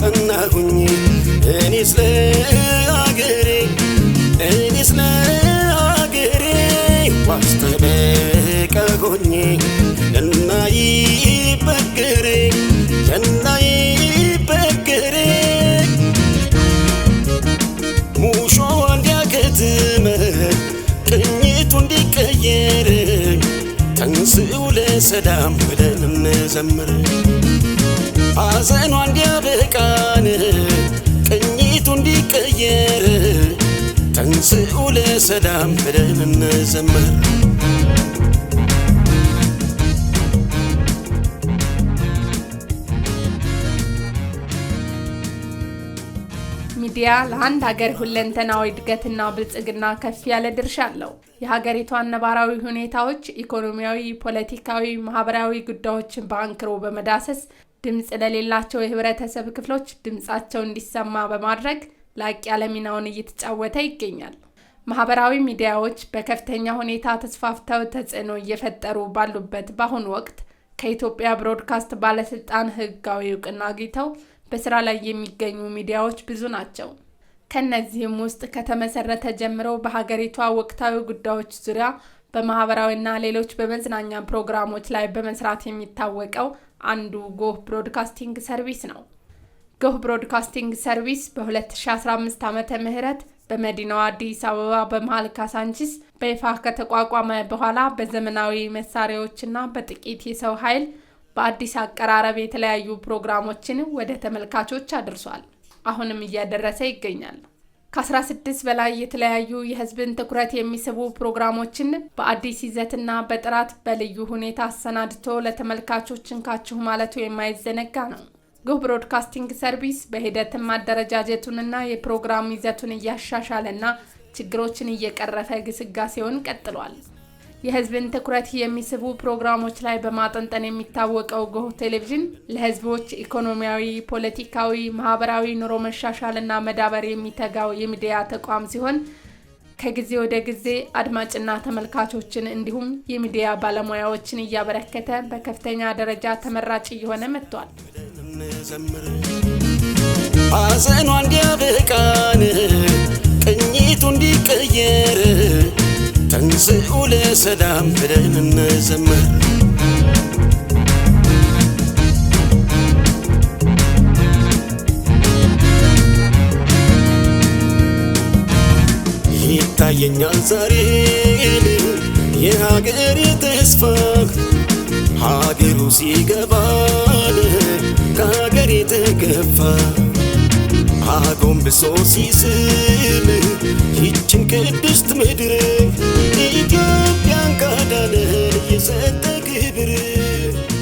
ጸናሁኝ ጸናሁኝ እኔስ እኔ እኔስ ለአገሬ ዋስተበቀ ሆኜ ለናይ በገሬ ለናይ በገሬ ሙሾ እንዲያከትመ ቅኝቱ እንዲቀየር ተንስኡ ለሰላም ብለን እንዘምር አዘኗ እንዲያበቃን ቅኝቱ እንዲቀየር ተንሥኡ ለሰላም ብለን እንዘምር። ሚዲያ ለአንድ ሀገር ሁለንተናዊ እድገትና ብልጽግና ከፍ ያለ ድርሻ አለው። የሀገሪቷን ነባራዊ ሁኔታዎች፣ ኢኮኖሚያዊ፣ ፖለቲካዊ፣ ማህበራዊ ጉዳዮችን በአንክሮ በመዳሰስ ድምፅ ለሌላቸው የህብረተሰብ ክፍሎች ድምፃቸው እንዲሰማ በማድረግ ላቅ ያለ ሚናውን እየተጫወተ ይገኛል። ማህበራዊ ሚዲያዎች በከፍተኛ ሁኔታ ተስፋፍተው ተጽዕኖ እየፈጠሩ ባሉበት በአሁኑ ወቅት ከኢትዮጵያ ብሮድካስት ባለስልጣን ህጋዊ እውቅና አግኝተው በስራ ላይ የሚገኙ ሚዲያዎች ብዙ ናቸው። ከእነዚህም ውስጥ ከተመሰረተ ጀምሮ በሀገሪቷ ወቅታዊ ጉዳዮች ዙሪያ በማህበራዊና ሌሎች በመዝናኛ ፕሮግራሞች ላይ በመስራት የሚታወቀው አንዱ ጎህ ብሮድካስቲንግ ሰርቪስ ነው። ጎህ ብሮድካስቲንግ ሰርቪስ በ2015 ዓመተ ምህረት በመዲናው አዲስ አበባ በመሀል ካሳንቺስ በይፋ ከተቋቋመ በኋላ በዘመናዊ መሳሪያዎችና በጥቂት የሰው ኃይል በአዲስ አቀራረብ የተለያዩ ፕሮግራሞችን ወደ ተመልካቾች አድርሷል። አሁንም እያደረሰ ይገኛል። ከ16 በላይ የተለያዩ የህዝብን ትኩረት የሚስቡ ፕሮግራሞችን በአዲስ ይዘትና በጥራት በልዩ ሁኔታ አሰናድቶ ለተመልካቾች እንካችሁ ማለቱ የማይዘነጋ ነው። ጉህ ብሮድካስቲንግ ሰርቪስ በሂደትም አደረጃጀቱንና የፕሮግራም ይዘቱን እያሻሻለና ችግሮችን እየቀረፈ ግስጋሴውን ቀጥሏል። የህዝብን ትኩረት የሚስቡ ፕሮግራሞች ላይ በማጠንጠን የሚታወቀው ጎህ ቴሌቪዥን ለህዝቦች ኢኮኖሚያዊ፣ ፖለቲካዊ፣ ማህበራዊ ኑሮ መሻሻልና መዳበር የሚተጋው የሚዲያ ተቋም ሲሆን ከጊዜ ወደ ጊዜ አድማጭና ተመልካቾችን እንዲሁም የሚዲያ ባለሙያዎችን እያበረከተ በከፍተኛ ደረጃ ተመራጭ እየሆነ መጥቷል። አዘኗ እንዲያበቃን ቅኝቱ እንዲቀየር ተንሥኡ ለሰላም ብለን እንዘምር። ይታየኛል ዛሬ የሀገሬ ተስፋ ሀገሩ ሲገባን ከሀገሬ ተገፋ አጎንብሶ ሲስም ይችን ቅድስት ምድር ኢትዮጵያን ካዳነን የሰጠ ክብር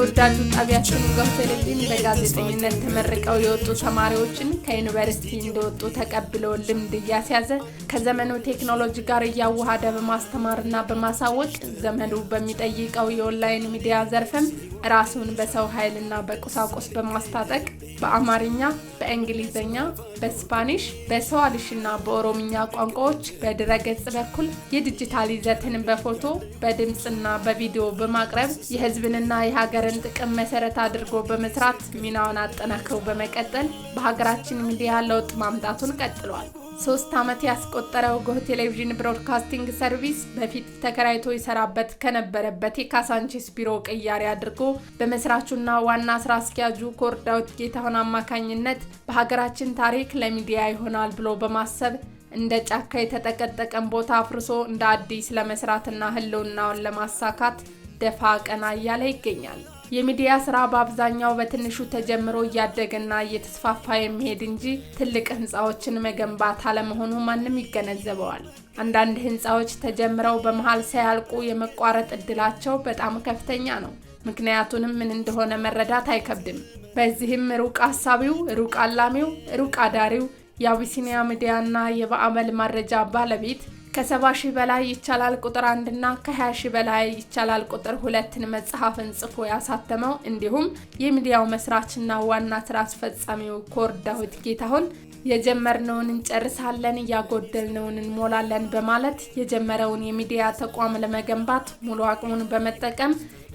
ከተወዳጁ ጣቢያችን ሙጋው ቴሌቪዥን በጋዜጠኝነት ተመርቀው የወጡ ተማሪዎችን ከዩኒቨርሲቲ እንደወጡ ተቀብለው ልምድ እያስያዘ ከዘመኑ ቴክኖሎጂ ጋር እያዋሃደ በማስተማርና በማሳወቅ ዘመኑ በሚጠይቀው የኦንላይን ሚዲያ ዘርፍም ራሱን በሰው ኃይልና በቁሳቁስ በማስታጠቅ በአማርኛ፣ በእንግሊዝኛ፣ በስፓኒሽ፣ በሰዋልሽና በኦሮምኛ ቋንቋዎች በድረገጽ በኩል የዲጂታል ይዘትን በፎቶ በድምፅና በቪዲዮ በማቅረብ የህዝብንና የሀገር የሀገርን ጥቅም መሰረት አድርጎ በመስራት ሚናውን አጠናክረው በመቀጠል በሀገራችን ሚዲያ ለውጥ ማምጣቱን ቀጥሏል። ሶስት ዓመት ያስቆጠረው ጎህ ቴሌቪዥን ብሮድካስቲንግ ሰርቪስ በፊት ተከራይቶ ይሰራበት ከነበረበት የካሳንቺስ ቢሮ ቅያሪ አድርጎ በመስራቹና ዋና ስራ አስኪያጁ ኮር ጌታሁን አማካኝነት በሀገራችን ታሪክ ለሚዲያ ይሆናል ብሎ በማሰብ እንደ ጫካ የተጠቀጠቀን ቦታ አፍርሶ እንደ አዲስ ለመስራትና ህልውናውን ለማሳካት ደፋ ቀና እያለ ይገኛል። የሚዲያ ስራ በአብዛኛው በትንሹ ተጀምሮ እያደገና እየተስፋፋ የሚሄድ እንጂ ትልቅ ህንፃዎችን መገንባት አለመሆኑ ማንም ይገነዘበዋል። አንዳንድ ህንፃዎች ተጀምረው በመሀል ሳያልቁ የመቋረጥ እድላቸው በጣም ከፍተኛ ነው። ምክንያቱንም ምን እንደሆነ መረዳት አይከብድም። በዚህም ሩቅ አሳቢው፣ ሩቅ አላሚው፣ ሩቅ አዳሪው የአቢሲኒያ ሚዲያና የበአመል ማረጃ ባለቤት ከሰባ ሺህ በላይ ይቻላል ቁጥር አንድና ከሀያ ሺህ በላይ ይቻላል ቁጥር ሁለትን መጽሐፍን ጽፎ ያሳተመው እንዲሁም የሚዲያው መስራችና ዋና ስራ አስፈጻሚው ኮር ዳዊት ጌታሁን የጀመርነውን እንጨርሳለን፣ እያጎደልነውን እንሞላለን በማለት የጀመረውን የሚዲያ ተቋም ለመገንባት ሙሉ አቅሙን በመጠቀም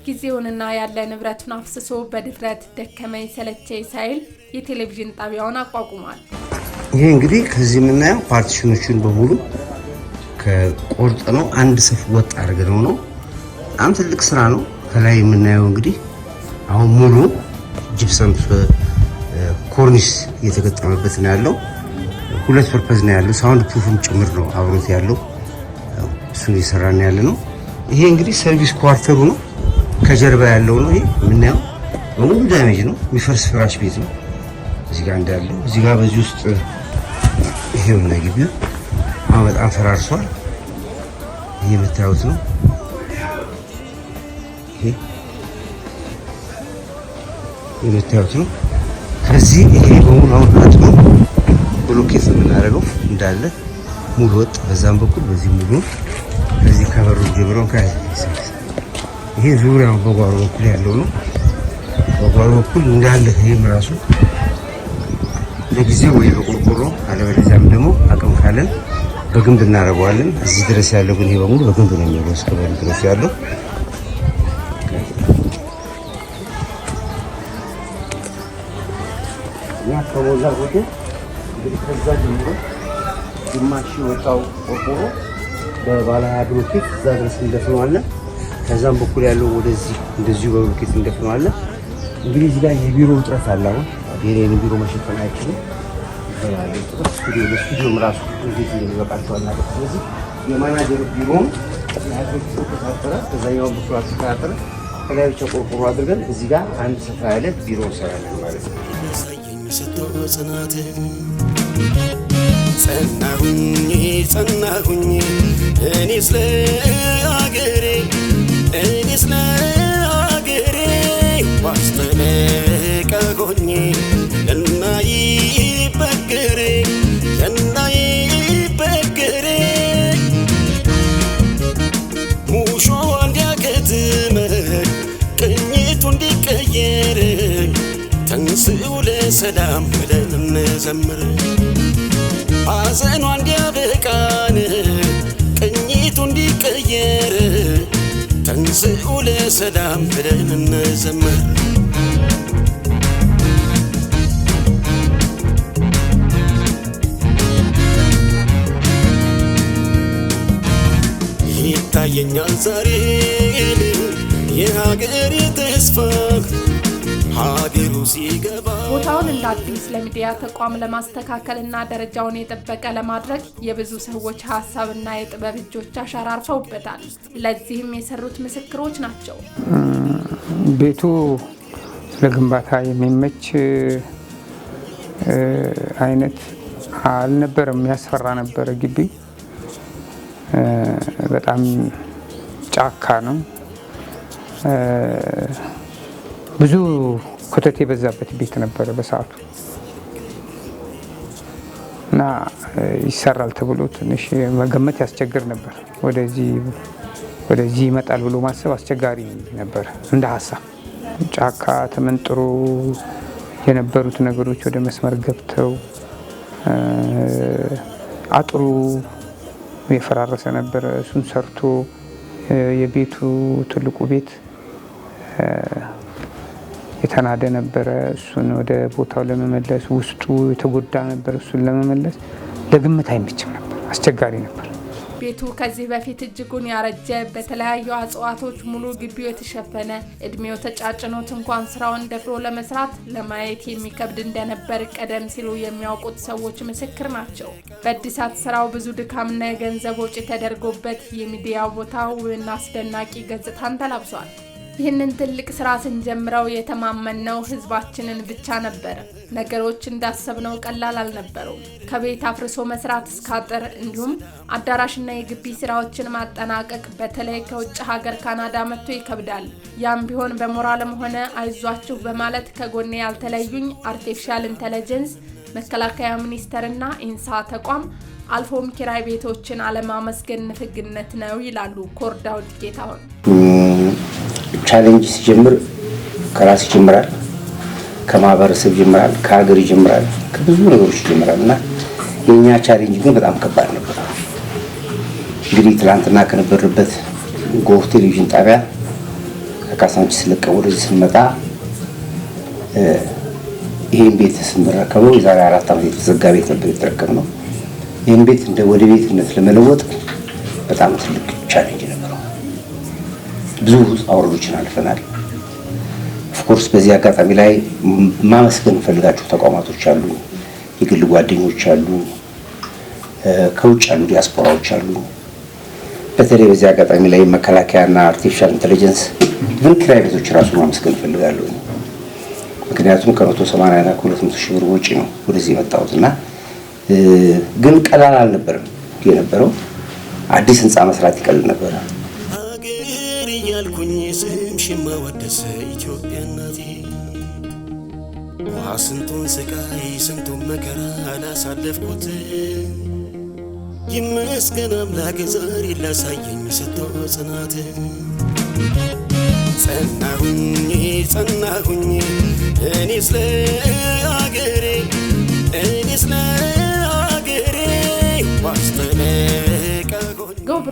ጊዜውንና ያለ ንብረቱን አፍስሶ በድፍረት ደከመኝ ሰለቸኝ ሳይል የቴሌቪዥን ጣቢያውን አቋቁሟል። ይሄ እንግዲህ ከዚህ የምናየው ፓርቲሽኖችን በሙሉ ከቆርጥ ነው አንድ ስፍ ወጥ አድርገነው ነው። በጣም ትልቅ ስራ ነው። ከላይ የምናየው እንግዲህ አሁን ሙሉ ጅብሰም ኮርኒስ እየተገጠመበት ነው ያለው። ሁለት ፐርፐዝ ነው ያለው። ሳውንድ ፕሩፍም ጭምር ነው አብሮት ያለው። እሱ እየሰራን ያለ ነው። ይሄ እንግዲህ ሰርቪስ ኳርተሩ ነው። ከጀርባ ያለው ነው ይሄ የምናየው በሙሉ ዳሜጅ ነው። የሚፈርስ ፍራሽ ቤት ነው እዚህ ጋር እንዳለው እዚህ ጋር በዚህ ውስጥ ይሄው ነው ግቢው ውሃ በጣም ፈራርሷል። ይህ የምታዩት ነው። ይሄ የምታዩት ነው። ከዚህ ይሄ በሙሉ አሁን አጥሞ ብሎኬት የምናደርገው እንዳለ ሙሉ ወጥ በዛም በኩል በዚህ ሙሉ ከዚህ ከበሩ ጀምሮ ይሄ ዙሪያው በጓሮ በኩል ያለው ነው። በጓሮ በኩል እንዳለ ይህም ራሱ ለጊዜው ወይ በቆርቆሮ አለበለዚያም ደግሞ አቅም ካለን በግንብ እናደርገዋለን። እዚህ ድረስ ያለው ግን ይሄ በሙሉ በግንብ ነው የሚሆነው። እስከ በል ድረስ ያለው ያ ከሞላ ሆቴል እንግዲህ ከዛ ጀምሮ ግማሽ የወጣው ቆርቆሮ በባለ ሀያ ብሎኬት እዛ ድረስ እንደፍነዋለን። ከዛም በኩል ያለው ወደዚህ እንደዚሁ በብሎኬት እንደፍነዋለን። እንግዲህ እዚህ ላይ የቢሮ ውጥረት አለ። አሁን ቢሮ መሸፈን አይችልም። ስቱዲዮ ለስቱዲዮም ራሱ እንዴት ይበቃቸዋል። ስለዚህ የማናጀር ቢሮም ተሳጠረ ከዛኛው ብስራ ተሳጠረ ከላይ ብቻ ቆርቆሮ አድርገን እዚህ ጋር አንድ ሰፋ ያለ ቢሮ እንሰራለን ማለት ነው። ጸናሁኝ ጸናሁኝ እኔ ስለ አገሬ እኔ ስለ አገሬ ዋስተመቀ ሆኜ ፍቅሬ እናዬ በግሬ ሙሾ እንዲያገትም ቅኝቱ እንዲቀየር ተንስኡ ለሰላም ብለን እንዘምር ሐዘኗ እንዲያበቃን ቅኝቱ እንዲቀየር ተንስኡ ለሰላም ብለን እንዘምር ይታየኛል ዛሬ የሀገሬ ተስፋ ሀገሩ ሲገባ ቦታውን እንደ አዲስ ለሚዲያ ተቋም ለማስተካከልና ደረጃውን የጠበቀ ለማድረግ የብዙ ሰዎች ሀሳብና የጥበብ እጆች አሻራ አርፈውበታል። ለዚህም የሰሩት ምስክሮች ናቸው። ቤቱ ለግንባታ የሚመች አይነት አልነበረም። ያስፈራ ነበረ ግቢ በጣም ጫካ ነው። ብዙ ኮተት የበዛበት ቤት ነበረ በሰዓቱ እና ይሰራል ተብሎ ትንሽ መገመት ያስቸግር ነበር። ወደዚህ ወደዚህ ይመጣል ብሎ ማሰብ አስቸጋሪ ነበር። እንደ ሀሳብ ጫካ ተመንጥሮ የነበሩት ነገሮች ወደ መስመር ገብተው አጥሩ የፈራረሰ ነበረ። እሱን ሰርቶ የቤቱ ትልቁ ቤት የተናደ ነበረ። እሱን ወደ ቦታው ለመመለስ ውስጡ የተጎዳ ነበር። እሱን ለመመለስ ለግምት አይመችም ነበር፣ አስቸጋሪ ነበር። ቤቱ ከዚህ በፊት እጅጉን ያረጀ በተለያዩ እጽዋቶች ሙሉ ግቢው የተሸፈነ እድሜው ተጫጭኖት እንኳን ስራውን ደፍሮ ለመስራት ለማየት የሚከብድ እንደነበር ቀደም ሲሉ የሚያውቁት ሰዎች ምስክር ናቸው። በእድሳት ስራው ብዙ ድካምና የገንዘብ ወጪ ተደርጎበት የሚዲያ ቦታ ውብና አስደናቂ ገጽታን ተላብሷል። ይህንን ትልቅ ስራ ስንጀምረው የተማመንነው ህዝባችንን ብቻ ነበር ነገሮች እንዳሰብነው ቀላል አልነበሩም። ከቤት አፍርሶ መስራት እስከ አጥር እንዲሁም አዳራሽና የግቢ ስራዎችን ማጠናቀቅ በተለይ ከውጭ ሀገር ካናዳ መጥቶ ይከብዳል። ያም ቢሆን በሞራልም ሆነ አይዟችሁ በማለት ከጎኔ ያልተለዩኝ አርቲፊሻል ኢንተለጀንስ መከላከያ ሚኒስቴርና ኢንሳ ተቋም አልፎም ኪራይ ቤቶችን አለማመስገን ንፍግነት ነው ይላሉ ኮርዳውድ ጌታሁን። ቻሌንጅ ሲጀምር ከራስ ይጀምራል፣ ከማህበረሰብ ይጀምራል፣ ከሀገር ይጀምራል፣ ከብዙ ነገሮች ይጀምራል እና የእኛ ቻሌንጅ ግን በጣም ከባድ ነበር። እንግዲህ ትናንትና ከነበርንበት ጎህ ቴሌቪዥን ጣቢያ ከካሳንቺስ ለቀን ወደዚህ ስንመጣ ይህን ቤት ስንረከበው የዛሬ አራት ዓመት የተዘጋ ቤት ነበር የተረከብነው። ይህን ቤት እንደ ወደ ቤትነት ለመለወጥ በጣም ትልቅ ቻሌንጅ ነበር። ብዙ አውረዶችን አልፈናል። ኦፍኮርስ በዚህ አጋጣሚ ላይ ማመስገን እንፈልጋቸው ተቋማቶች አሉ፣ የግል ጓደኞች አሉ፣ ከውጭ ያሉ ዲያስፖራዎች አሉ። በተለይ በዚህ አጋጣሚ ላይ መከላከያና አርቲፊሻል ኢንቴሊጀንስ ግን ኪራይ ቤቶች ራሱ ማመስገን እፈልጋለሁ። ምክንያቱም ከመቶ ሰማንያ እና ከሁለት መቶ ሺህ ብር ውጪ ነው ወደዚህ የመጣሁት እና ግን ቀላል አልነበረም የነበረው አዲስ ህንፃ መስራት ይቀል ነበረ። ሽማ ወደሰ ኢትዮጵያ እናቴ ውሃ ስንቱን ስቃይ ስንቱን መከራ አላሳለፍኩት ይመስገን አምላክ ዛሬ ላሳየኝ ሰጥቶ ጽናት ጸናሁኝ ጸናሁኝ እኔ ስለ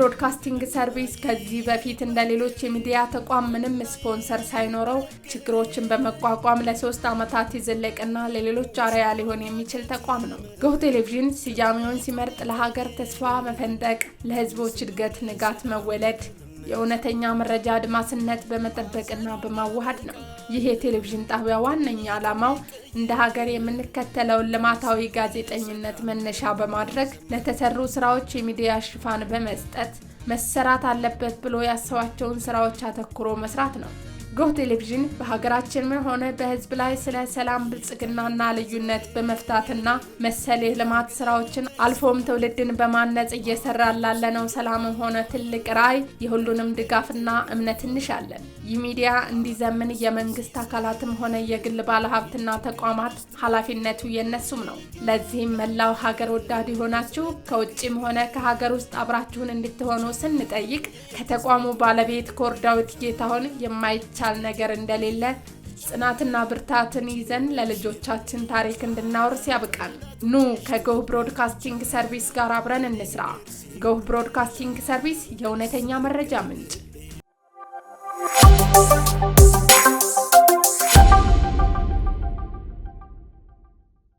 ብሮድካስቲንግ ሰርቪስ ከዚህ በፊት እንደ ሌሎች የሚዲያ ተቋም ምንም ስፖንሰር ሳይኖረው ችግሮችን በመቋቋም ለሶስት ዓመታት የዘለቀና ለሌሎች አርያ ሊሆን የሚችል ተቋም ነው። ጎህ ቴሌቪዥን ስያሜውን ሲመርጥ ለሀገር ተስፋ መፈንጠቅ፣ ለህዝቦች እድገት ንጋት መወለድ የእውነተኛ መረጃ አድማስነት በመጠበቅና በማዋሃድ ነው። ይህ የቴሌቪዥን ጣቢያ ዋነኛ ዓላማው እንደ ሀገር የምንከተለውን ልማታዊ ጋዜጠኝነት መነሻ በማድረግ ለተሰሩ ስራዎች የሚዲያ ሽፋን በመስጠት መሰራት አለበት ብሎ ያሰባቸውን ስራዎች አተኩሮ መስራት ነው። ጎህ ቴሌቪዥን በሀገራችንም ሆነ በህዝብ ላይ ስለ ሰላም ብልጽግናና ልዩነት በመፍታትና መሰል የልማት ስራዎችን አልፎም ትውልድን በማነጽ እየሰራ ላለነው ሰላም ሆነ ትልቅ ራዕይ የሁሉንም ድጋፍና እምነት እንሻለን። ይህ ሚዲያ እንዲዘምን የመንግስት አካላትም ሆነ የግል ባለሀብትና ተቋማት ኃላፊነቱ የነሱም ነው። ለዚህም መላው ሀገር ወዳድ የሆናችሁ ከውጭም ሆነ ከሀገር ውስጥ አብራችሁን እንድትሆኑ ስንጠይቅ ከተቋሙ ባለቤት ኮር ዳዊት ጌታሁን የማይቻ የሚቻል ነገር እንደሌለ ጽናትና ብርታትን ይዘን ለልጆቻችን ታሪክ እንድናወርስ ያብቃል። ኑ ከጎህ ብሮድካስቲንግ ሰርቪስ ጋር አብረን እንስራ። ጎህ ብሮድካስቲንግ ሰርቪስ የእውነተኛ መረጃ ምንጭ